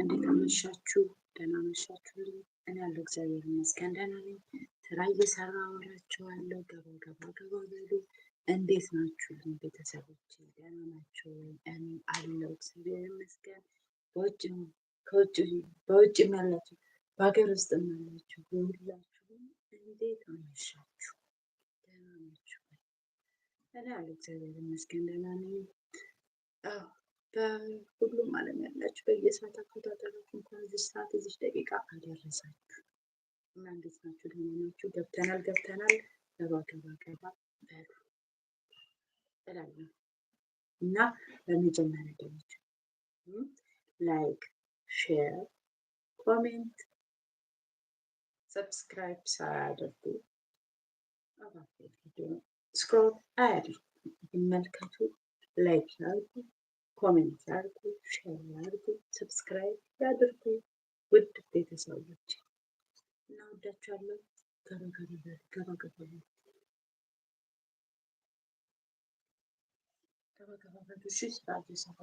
እንዴት አመሻችሁ? ደህና አመሻችሁልኝ? እኔ ያለው እግዚአብሔር ይመስገን ደህና ነኝ። ስራ እየሰራ አወራችኋለሁ። ገባ ገባ ገባ በሉ። እንዴት ናችሁ ናችሁልኝ ቤተሰቦች? ደህና ናቸው? እኔ አለው እግዚአብሔር ይመስገን። በውጭ ከውጭ በውጭም ያላችሁ በሀገር ውስጥም ያላችሁ ሁላችሁም እንዴት አመሻችሁ? ደህና ናችሁ? እኔ ያለው እግዚአብሔር ይመስገን ደህና ነኝ። በሁሉም ዓለም ያላችሁ በየሰዓት አቆጣጠራችሁ እንኳን እዚህ ሰዓት እዚህ ደቂቃ አደረሳችሁ እና እንዴት ናችሁ? ደህና ናችሁ? ገብተናል ገብተናል ገባ ገባ ገባ በሉ እላለሁ እና በመጀመሪያ ደረጃ ላይክ፣ ሼር፣ ኮሜንት፣ ሰብስክራይብ ሳያደርጉ አባቴ ስክሮል አያድርጉ ይመልከቱ፣ ላይክ ያድርጉ ኮሜንት ያርጉ፣ ሼር ያርጉ፣ ሰብስክራይብ ያድርጉ። ውድ ቤተሰቦች እናወዳችኋለን። ገባ ገባ ገባ ገባ ገባ ገባ ገባ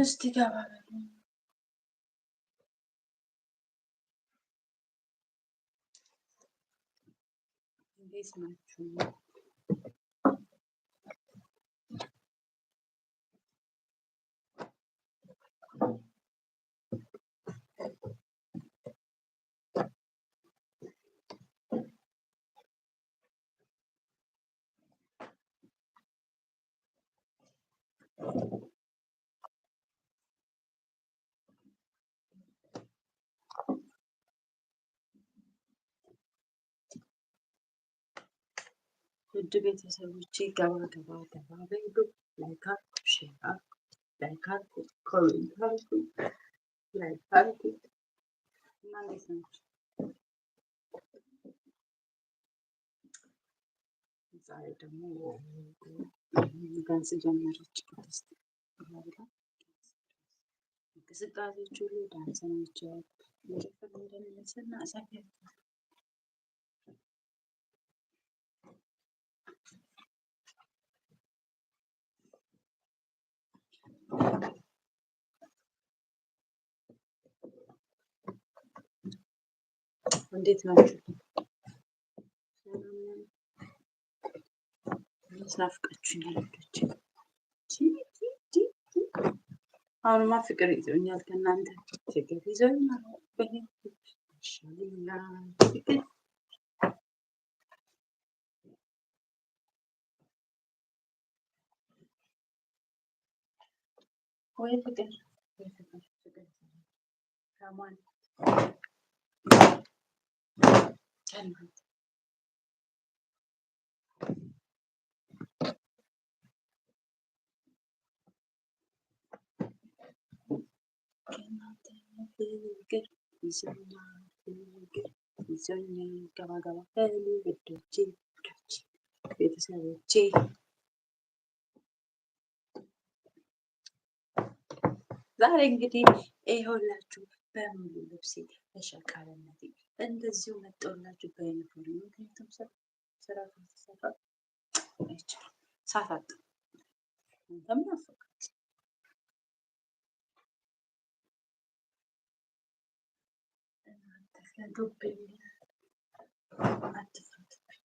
ውስጥ ይገባል። እንዴት ናችሁ? ውድ ቤተሰቦቼ ገባ ገባ ገባ በሉ። ላይክ አድርጉ፣ ሼር አድርጉ፣ ላይክ አድርጉ፣ ኮሜንት አድርጉ፣ ላይክ አድርጉ እና እንዴት ናችሁ? ዛሬ ደግሞ ዳንስ ጀመረች እንቅስቃሴዎች ሁሉ ዳንስ ናቸው። መጨፈር እንደሚመስልና ሰፊ እንዴት ናችሁ? ናፍቃችሁኛል። አሁንማ ፍቅር ይዞኛል ከእናንተ ችግር ይዞኛል። ወይ ፍቅር ከማን ቀናት ፍቅር ይዞኛል ፍቅር ይዞኛል ገባ ቤተሰቦቼ ዛሬ እንግዲህ ይኸውላችሁ በሙሉ ልብሴ ተሸቃለነት እንደዚሁ መጠውላችሁ በዩኒፎርም ምክንያቱም ስራ ሰራ አይቻልም። ሳታጥ ተምናፈቃት እናንተ ከዱብኝ አትፍረዱብኝ።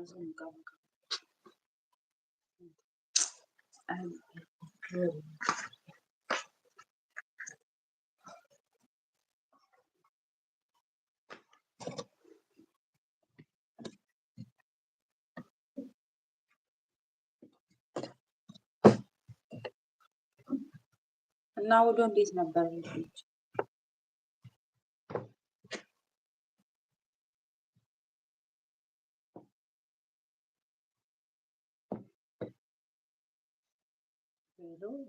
I'm dreaming. እና ውሎ እንዴት ነበር ልጆች?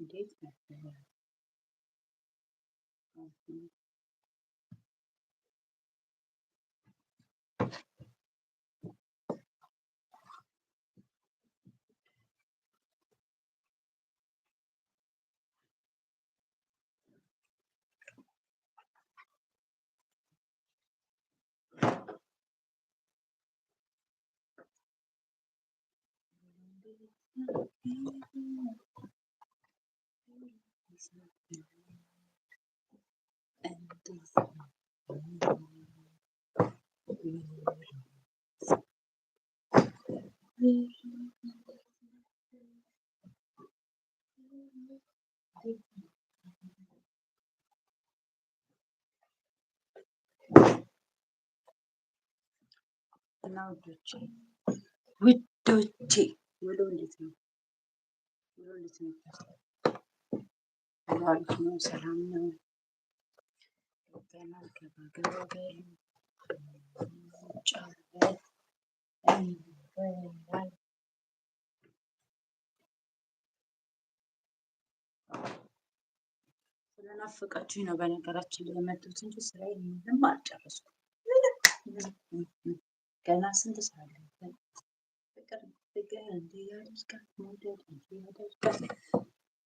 it dates back is not Now do check. We do check. We don't listen. We don't listen. አሪፍ ነው፣ ሰላም ነው። ገና ገባ ገባ በሉ ጫበል ስለናፈቃችሁኝ ነው በነገራችን ላይ የመጡት እንጂ ስራ ምንም አልጨረስኩም። ገና ስንት ስራ ፍቅር ፍቅር እንዲህ መውደድ እንዲህ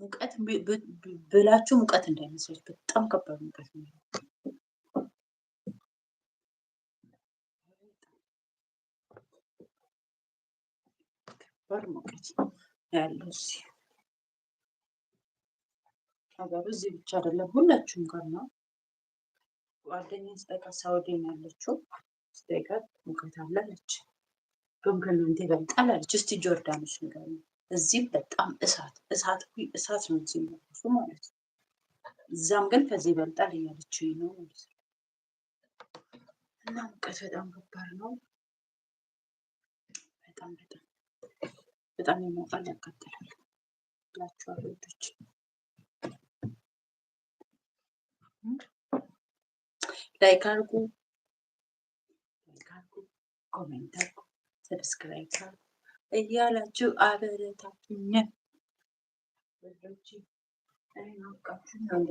ሙቀት ብላችሁ ሙቀት እንዳይመስላችሁ፣ በጣም ከባድ ሙቀት ነው። ከባድ ሙቀት ያለው እዚህ ሀገሩ እዚህ ብቻ አይደለም፣ ሁላችሁም ጋር ነው። ጓደኛ ስጠይቃት ሳውዲ ነው ያለችው፣ ስጠይቃት ሙቀት አላለች። ከእናንተ ይበልጣል አለች። እስቲ ጆርዳኖች ንገሩ። እዚህም በጣም እሳት እሳት እሳት ነው ሲመለሱ ማለት ነው። እዛም ግን ከዚህ ይበልጣል እያለች ነው ማለት ነው። እና ሙቀት በጣም ከባድ ነው። በጣም በጣም በጣም ይሞቃል፣ ያቃጥላል ላችኋል ወዶች ላይክ አድርጉ፣ ላይክ አድርጉ፣ ኮሜንት አድርጉ። ሰብስክራይብ እያላችሁ እናውቃችሁ አበረታቱኝ።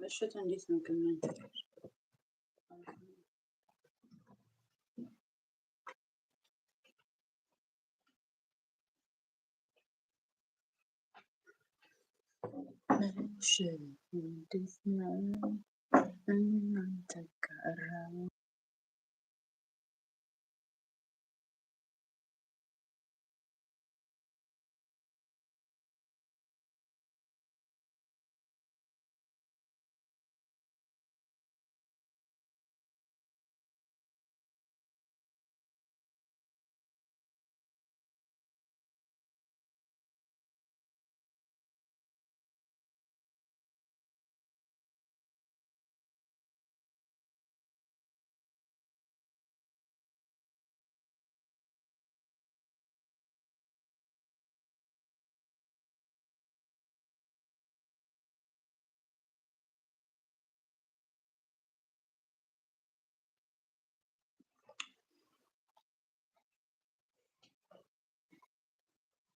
ምሽት እንዴት ነው ግን? ምሽት እንዴት ነው እናንተ ጋራ?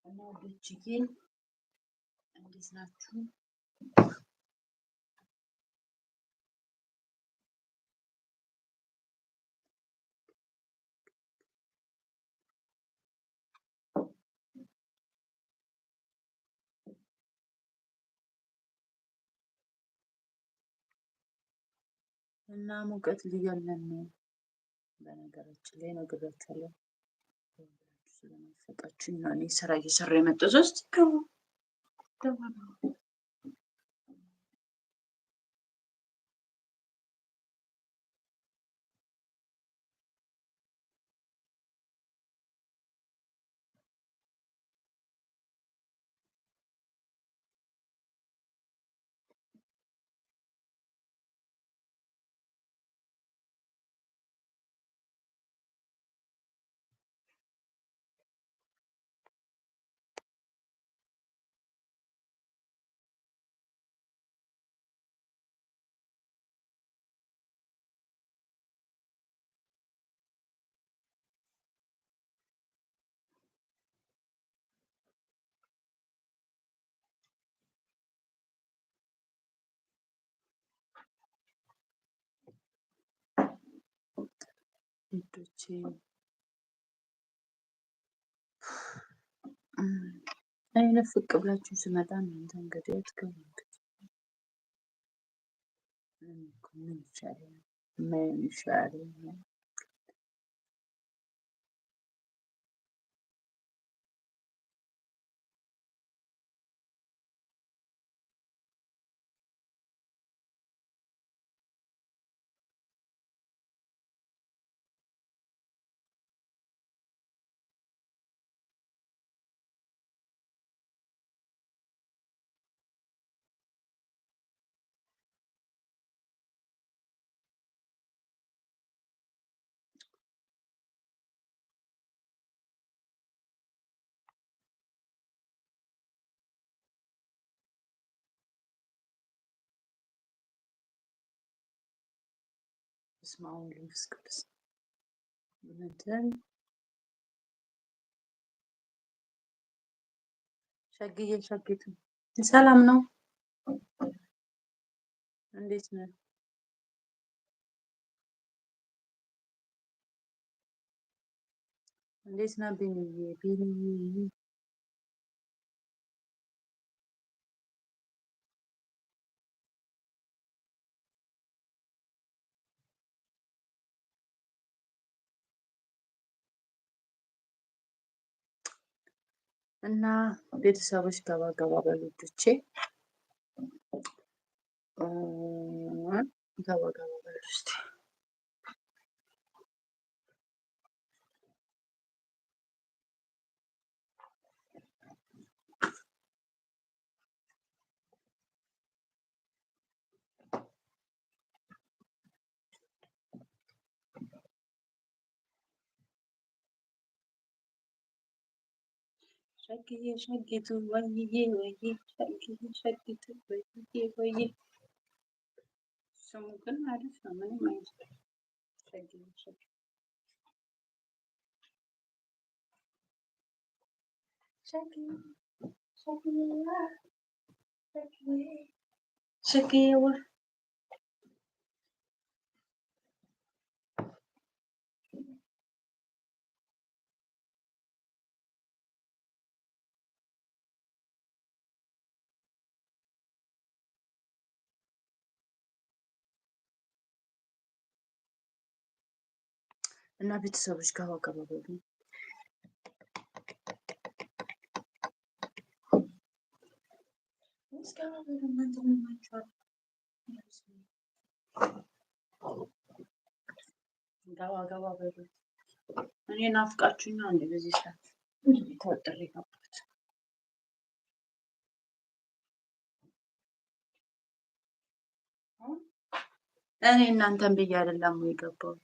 እና ውዶችዬ እንዴት ናችሁ? እና ሙቀት ሊገለን ነው። በነገራችን ላይ ስለናፈቃችሁኝ ነው እኔ ስራ እየሰራ የመጣሁት። ውዶቼ እኔ ፍቅ ብላችሁ ስመጣ እናንተ እንግዲህ አትገቡ ምን ይሻለኛል? ምን ይሻለኛል? Sma ou li vskop se. Bine ten. Chagigil chaggitou. Salam nou. An desna. An desna binye. Binye binye. እና ቤተሰቦች ገባ ገባ በልጆቼ ገባ ገባ በሉ شقي شقة ويي ويي شقي شقة ويي ويي سمكن عارف أنا ما يصير شقي شقة شقي شقي شقي شقي እና ቤተሰቦች ጋር አካባቢ ገባ ገባ በሉ። እኔ ናፍቃችሁኛ እንደ በዚህ ሰዓት ተወጥሬ ገባሁት። እኔ እናንተን ብዬ አይደለም የገባሁት።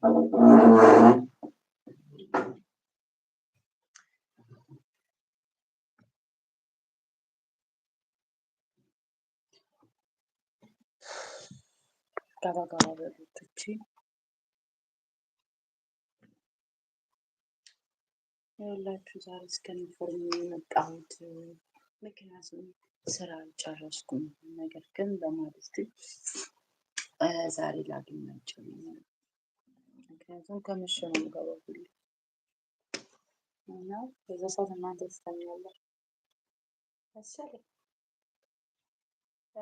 ገባ ገባ በሎቶቼ ይኸውላችሁ ዛሬ እስከ ዩኒፎርም የመጣሁት ምክንያቱም ስራ አልጨረስኩም። ነገር ግን በማግስት ዛሬ ላገኛቸው ነው ምክንያቱም ከምሽ ነው የምገባው ሁሉ እና በዛ ሰዓት እናንተ ትተኛላችሁ መሰለኝ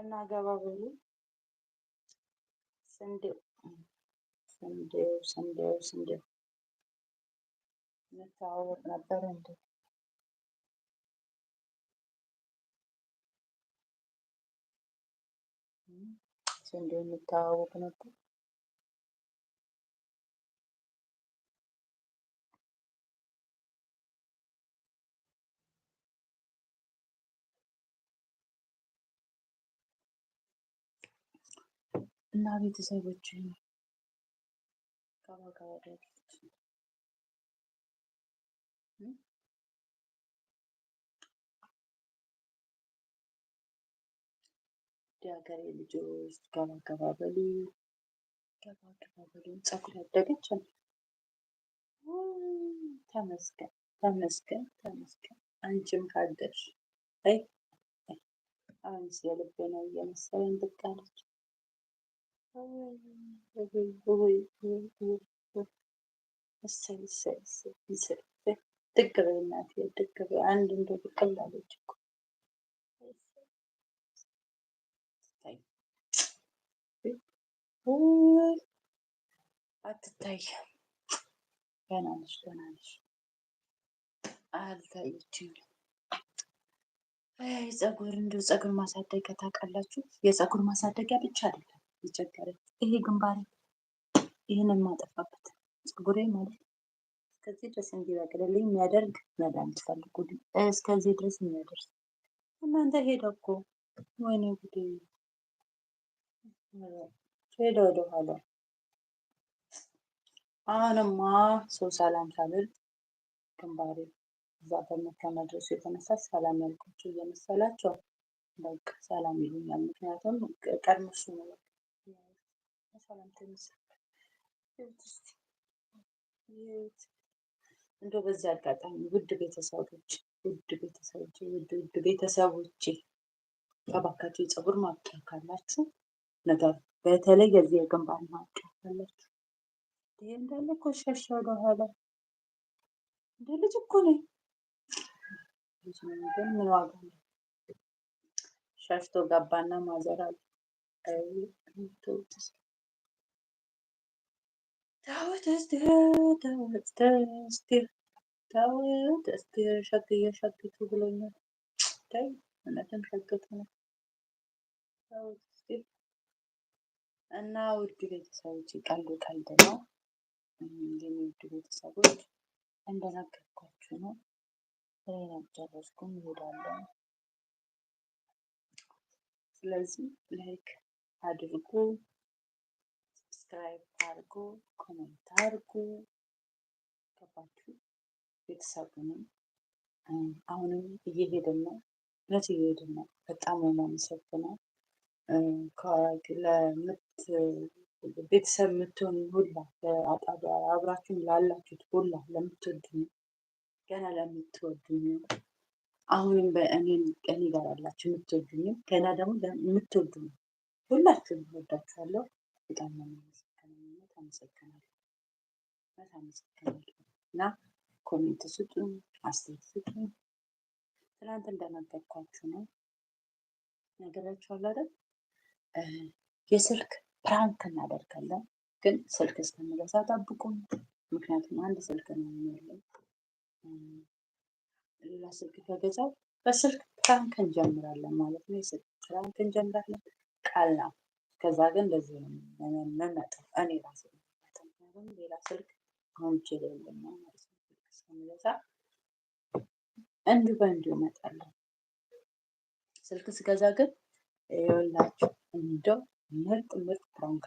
እና ገባ ብሎ ስንዴው ስንዴው ስንዴው ስንዴው መታወቅ ነበር እንዴ ስንዴው የምታወቅ ነበር እና ቤተሰቦች ገባ የሀገሬ ልጆች ገባ ገባ በሉ፣ ገባ ገባ በሉ። ፀጉር ያደገች ተመስገን፣ ተመስገን፣ ተመስገን። አንቺም ካደሽ አይ አሁንስ የልቤ ነው እየመሰለኝ ብቅ አለች። እሰይ እሰይ እሰይ ብድግ በይ እናቴ ብድግ አንድ እንደው ብቅል አለች እኮ ገና ነሽ ገና ነሽ። ፀጉር እንደው ፀጉር ማሳደጊያ ታውቃላችሁ፣ የፀጉር ማሳደጊያ ብቻ አይደለም ይቸገረኝ። ይሄ ግንባሬ ይህንን የማጠፋበት ፀጉሬ ማለት እስከዚህ ድረስ እንዲበቅልልኝ የሚያደርግ መድኃኒት ፈልጉልኝ። እስከዚህ ድረስ የሚያደርስ እናንተ ሄደ እኮ ወይኔ ጉዴ ሄደ ወደኋላ። አሁንማ ሰው ሰላም ሳልል ግንባሬ እዛ ከመድረሱ የተነሳ ሰላም ያልኳቸው እየመሰላቸው በቃ ሰላም ይሉኛል። ምክንያቱም ቀድሞ እሱ ነው ሰላምታ የሚሰጣት እዩት በዚህ አጋጣሚ ውድ ቤተሰቦች ውድ ቤተሰቦች ውድ ውድ ቤተሰቦቼ እባካችሁ የፀጉር ማብቂያ ካላችሁ ነገር በተለይ የዚህ የግንባር ማብቂያ ካላችሁ ይሄ እንዳለ እኮ ሸሸ ወደኋላ እንደ ልጅ እኮ ነኝ። ግን ምን ዋጋ ነው? ሸሽቶ ገባና ማዘር አለ Davet እስጢር፣ ዳዊት እስጢር፣ ዳዊት እስጢር ሸግየ ሸግቱ ብሎኛል። ዳይ እውነትም ሸግቱ ነው። ዳዊት እስጢር እና ውድ ቤተሰቦች ቀልድ ቀልድ ነው። የኔ ውድ ቤተሰቦች እንደነገርኳችሁ ነው። ስራዬን አልጨረስኩም፣ እሄዳለሁ። ስለዚህ ላይክ አድርጉ። ሰብስክራይብ አድርጉ፣ ኮሜንት አድርጉ። ገባችሁ? ቤተሰቡንም አሁንም እየሄድን ነው፣ እውነት እየሄድን ነው። በጣም የማመሰግነው ቤተሰብ የምትሆኑ ሁላ አጣቢያ አብራችሁን ላላችሁት ሁላ ለምትወዱኝ ገና ለምትወዱኝ አሁንም በእኔን ቀኔ ጋር ያላችሁ የምትወዱኝም ገና ደግሞ የምትወዱኝ ሁላችሁም ወዳችኋለሁ በጣም ነው አመሰግናለሁ። በጣም አመሰግናለሁ። እና ኮሜንት ስጡኝ፣ አስተያየት ስጡኝ። ትናንት እንደነገርኳችሁ ነው ነገራችኋል አይደል? የስልክ ፕራንክ እናደርጋለን፣ ግን ስልክ እስከምገዛ ጠብቁኝ። ምክንያቱም አንድ ስልክ ነው ያለው። ሌላ ስልክ ከገዛው በስልክ ፕራንክ እንጀምራለን ማለት ነው። የስልክ ፕራንክ እንጀምራለን ቃል ነው። ከዛ ግን ለዚህ ነው እኔ ራሴ አሁን ሌላ ስልክ አሁን ችል የለም ማለት ነው። ስልክ እስከሚገዛ እንዲሁ በእንዲሁ እመጣለሁ። ስልክ ስገዛ ግን የወላችሁ እንደው ምርጥ ምርጥ ፕራንክ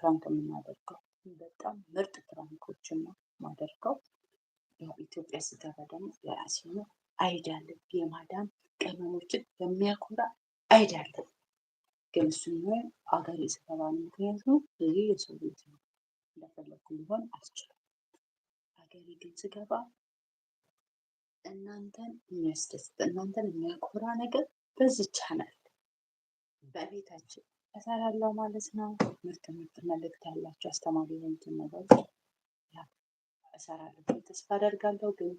ፕራንክ የምናደርገው በጣም ምርጥ ፕራንኮች ነው የማደርገው። ያው ኢትዮጵያ ስገባ ደግሞ የራሴ ነው አይዳለም የማዳም ቅመሞችን የሚያኮራ አይዳለም። ግን እሱም አገሬ ስገባ ነው። ምክንያቱም ይህ የሰው ቤት ነው እንደፈለግኩ ሊሆን አልችልም። ሀገሬ ግን ስገባ እናንተን የሚያስደስት እናንተን የሚያኮራ ነገር በዚህ ቻናል በቤታችን እሰራለሁ ማለት ነው። ምርጥ ምርጥ መልእክት ያላቸው አስተማሪ የሆኑትን ነገሮች እሰራለሁ ተስፋ አደርጋለሁ። ግን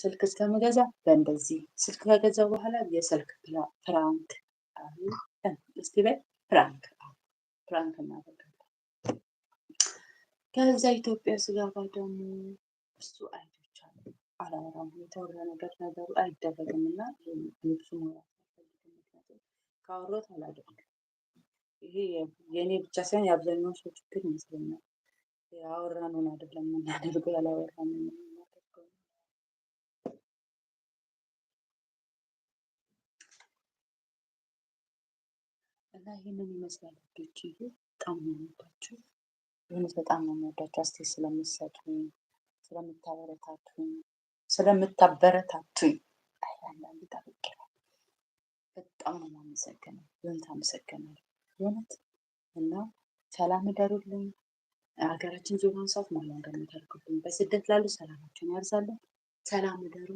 ስልክ እስከምገዛ በእንደዚህ ስልክ ከገዛው በኋላ የስልክ ፕራንክ እስቲ በይ ፕራንክ ፕራንክ እናደርጋለን ከዛ ኢትዮጵያ ስገባ ደግሞ እሱ አይቶች አላወራም። የተወራ ነገር ነገሩ አይደረግም እና ንሱ ማውራት ምክንያቱም ካወሮት አላደርግም። ይሄ የእኔ ብቻ ሳይሆን የአብዛኛው ሰው ችግር ይመስለኛል። አወራነውን አይደለም የምናደርገው ያላወራነውን የምናደርገው እና ይህንን ይመስላል። ልጆች በጣም ነው የምወዳቸው። የእውነት በጣም ነው የምወዳችሁ። አስቴር ስለምትሰጡኝ፣ ስለምታበረታቱኝ ስለምታበረታቱኝ አይ አንዳንዴ ጠብቄ በጣም ነው የማመሰግነው። የእውነት አመሰግናለሁ። የእውነት እና ሰላም እደሩልኝ። ሀገራችን ዙሪያን ሰዓት ሞላ እንደምታደርጉልኝ በስደት ላሉ ሰላማችን ያብዛልን። ሰላም እደሩ።